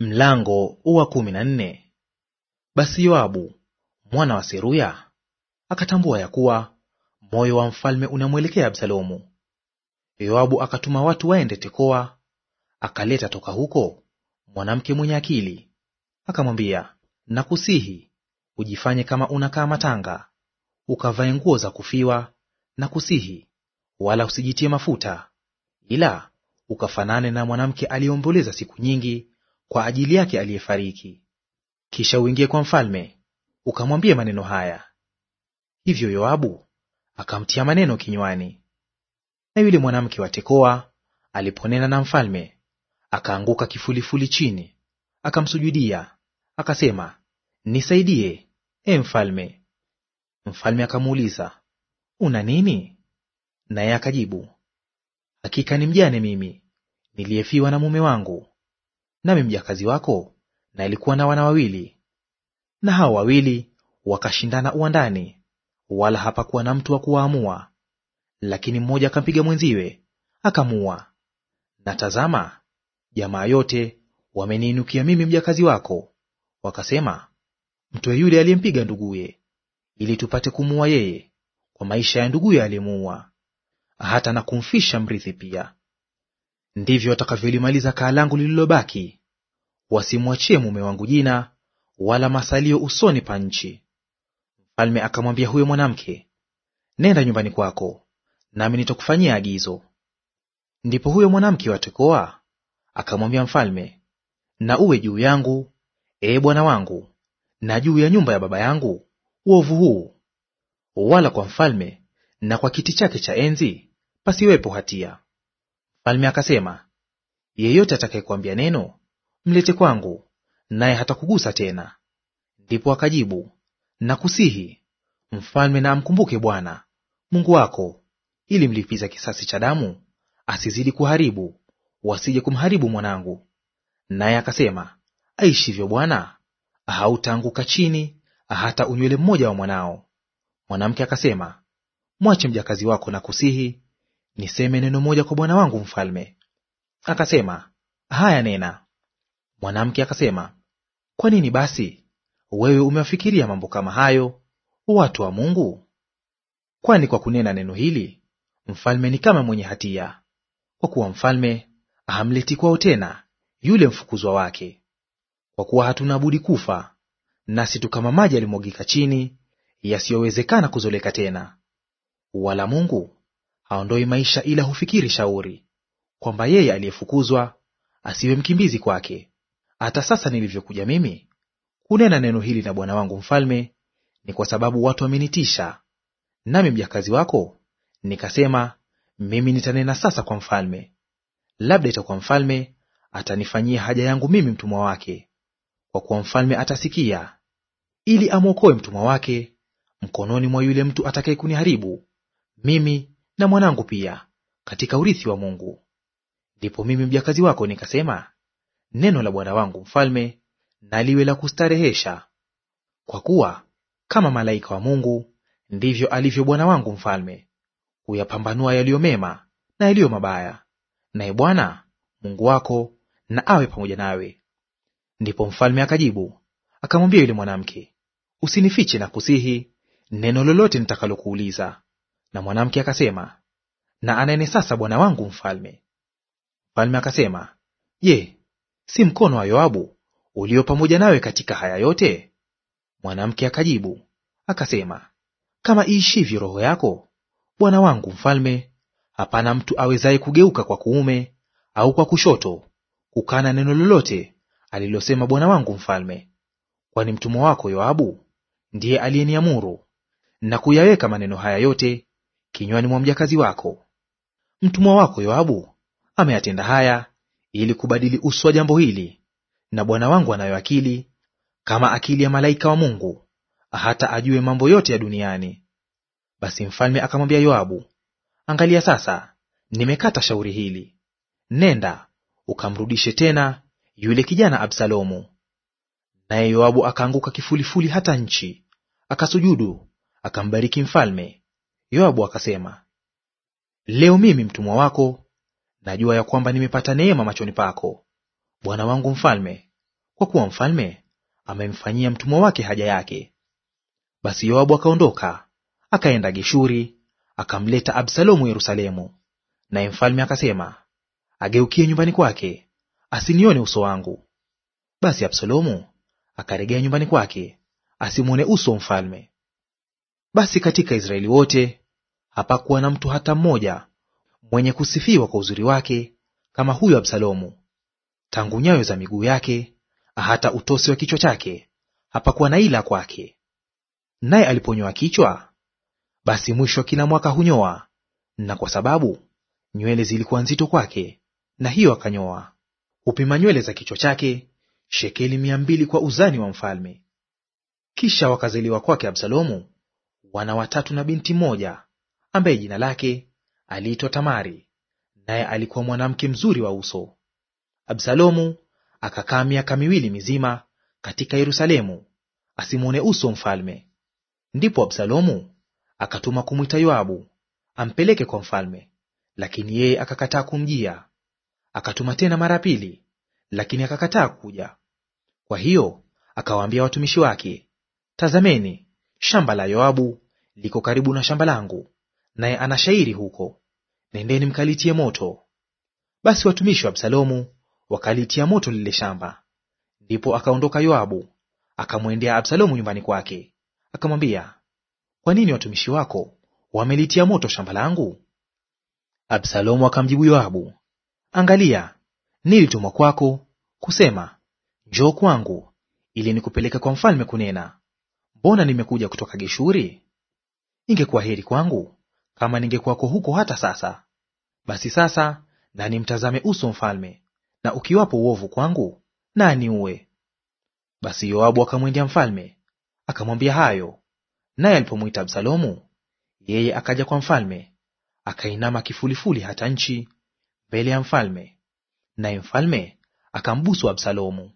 Mlango wa kumi na nne. Basi Yoabu mwana wa Seruya akatambua ya kuwa moyo wa mfalme unamwelekea Absalomu. Yoabu akatuma watu waende Tekoa, akaleta toka huko mwanamke mwenye akili, akamwambia, nakusihi ujifanye kama unakaa matanga, ukavae nguo za kufiwa, na kusihi wala usijitie mafuta, ila ukafanane na mwanamke aliyeomboleza siku nyingi kwa ajili yake aliyefariki. Kisha uingie kwa mfalme ukamwambie maneno haya. Hivyo Yoabu akamtia maneno kinywani. Na yule mwanamke wa Tekoa aliponena na mfalme, akaanguka kifulifuli chini, akamsujudia, akasema, nisaidie, e mfalme. Mfalme akamuuliza, una nini? Naye akajibu, hakika ni mjane mimi niliyefiwa na mume wangu nami mjakazi wako na alikuwa na wana wawili, na hao wawili wakashindana uwandani, wala hapakuwa na mtu wa kuwaamua. Lakini mmoja akampiga mwenziwe akamuua. Na tazama, jamaa yote wameniinukia mimi mjakazi wako, wakasema, mtoe yule aliyempiga nduguye, ili tupate kumuua yeye kwa maisha ya nduguye aliyemuua, hata na kumfisha mrithi pia. Ndivyo watakavyolimaliza kaa langu lililobaki wasimwachie mume wangu jina wala masalio usoni pa nchi. Mfalme akamwambia huyo mwanamke, nenda nyumbani kwako, nami nitakufanyia agizo. Ndipo huyo mwanamke wa Tekoa akamwambia mfalme, na uwe juu yangu, ee bwana wangu, na juu ya nyumba ya baba yangu uovu huu, wala kwa mfalme na kwa kiti chake cha enzi pasiwepo hatia. Mfalme akasema, yeyote atakayekuambia neno mlete kwangu, naye hatakugusa tena. Ndipo akajibu, nakusihi mfalme na amkumbuke Bwana Mungu wako, ili mlipiza kisasi cha damu asizidi kuharibu, wasije kumharibu mwanangu. Naye akasema, aishivyo Bwana, hautaanguka chini hata unywele mmoja wa mwanao. Mwanamke akasema, mwache mjakazi wako, na kusihi niseme neno moja kwa bwana wangu mfalme. Akasema, haya nena. Mwanamke akasema, kwa nini basi wewe umewafikiria mambo kama hayo watu wa Mungu? Kwani kwa kunena neno hili mfalme ni kama mwenye hatia, kwa kuwa mfalme hamleti kwao tena yule mfukuzwa wake. Kwa kuwa hatuna budi kufa, nasi tu kama maji yalimwagika chini yasiyowezekana kuzoleka tena. Wala Mungu haondoi maisha, ila hufikiri shauri, kwamba yeye aliyefukuzwa asiwe mkimbizi kwake. Hata sasa nilivyokuja mimi kunena neno hili na bwana wangu mfalme, ni kwa sababu watu wamenitisha. Nami mjakazi wako nikasema, mimi nitanena sasa kwa mfalme, labda itakuwa mfalme atanifanyia haja yangu mimi mtumwa wake, kwa kuwa mfalme atasikia, ili amwokoe mtumwa wake mkononi mwa yule mtu atakaye kuniharibu mimi na mwanangu pia katika urithi wa Mungu. Ndipo mimi mjakazi wako nikasema, Neno la bwana wangu mfalme na liwe la kustarehesha, kwa kuwa kama malaika wa Mungu ndivyo alivyo bwana wangu mfalme, huyapambanua yaliyo mema na yaliyo mabaya. Naye Bwana Mungu wako na awe pamoja nawe. Ndipo mfalme akajibu akamwambia yule mwanamke, usinifiche na kusihi neno lolote nitakalokuuliza. Na mwanamke akasema, na anene sasa bwana wangu mfalme. Mfalme akasema, Je, si mkono wa Yoabu ulio pamoja nawe katika haya yote? Mwanamke akajibu akasema, kama iishivyo roho yako, bwana wangu mfalme, hapana mtu awezaye kugeuka kwa kuume au kwa kushoto kukana neno lolote alilosema bwana wangu mfalme, kwani mtumwa wako Yoabu ndiye aliyeniamuru na kuyaweka maneno haya yote kinywani mwa mjakazi wako. Mtumwa wako Yoabu ameyatenda haya ili kubadili uso wa jambo hili, na bwana wangu anayo akili kama akili ya malaika wa Mungu, hata ajue mambo yote ya duniani. Basi mfalme akamwambia Yoabu, angalia sasa, nimekata shauri hili; nenda ukamrudishe tena yule kijana Absalomu. Naye Yoabu akaanguka kifulifuli hata nchi, akasujudu, akambariki mfalme. Yoabu akasema, leo mimi mtumwa wako Najua ya kwamba nimepata neema machoni pako, bwana wangu mfalme, kwa kuwa mfalme amemfanyia mtumwa wake haja yake. Basi Yoabu akaondoka akaenda Geshuri, akamleta Absalomu Yerusalemu. Naye mfalme akasema, ageukie nyumbani kwake, asinione uso wangu. Basi Absalomu akaregea nyumbani kwake, asimwone uso mfalme. Basi katika Israeli wote hapakuwa na mtu hata mmoja mwenye kusifiwa kwa uzuri wake kama huyo Absalomu. Tangu nyayo za miguu yake hata utosi wa kichwa chake hapakuwa na ila kwake. Naye aliponyoa kichwa, basi mwisho wa kila mwaka hunyoa, na kwa sababu nywele zilikuwa nzito kwake, na hiyo akanyoa. Hupima nywele za kichwa chake shekeli mia mbili kwa uzani wa mfalme. Kisha wakazaliwa kwake Absalomu wana watatu na binti moja, ambaye jina lake aliitwa Tamari, naye alikuwa mwanamke mzuri wa uso. Absalomu akakaa miaka miwili mizima katika Yerusalemu, asimwone uso mfalme. Ndipo Absalomu akatuma kumwita Yoabu ampeleke kwa mfalme, lakini yeye akakataa kumjia. Akatuma tena mara pili, lakini akakataa kuja. Kwa hiyo akawaambia watumishi wake, Tazameni, shamba la Yoabu liko karibu na shamba langu, naye ana shairi huko, nendeni mkalitie moto. Basi watumishi wa Absalomu wakalitia moto lile shamba. Ndipo akaondoka Yoabu akamwendea Absalomu nyumbani kwake, akamwambia, kwa nini watumishi wako wamelitia moto shamba langu? Absalomu akamjibu Yoabu, angalia, nilitumwa kwako kusema, njoo kwangu, ili nikupeleke kwa mfalme kunena. Mbona nimekuja kutoka Geshuri? Ingekuwa heri kwangu kama ningekuwako huko hata sasa. Basi sasa na nimtazame uso mfalme, na ukiwapo uovu kwangu, nani uwe Basi Yoabu akamwendea mfalme akamwambia hayo, naye alipomwita Absalomu, yeye akaja kwa mfalme akainama kifulifuli hata nchi mbele ya mfalme, naye mfalme akambusu Absalomu.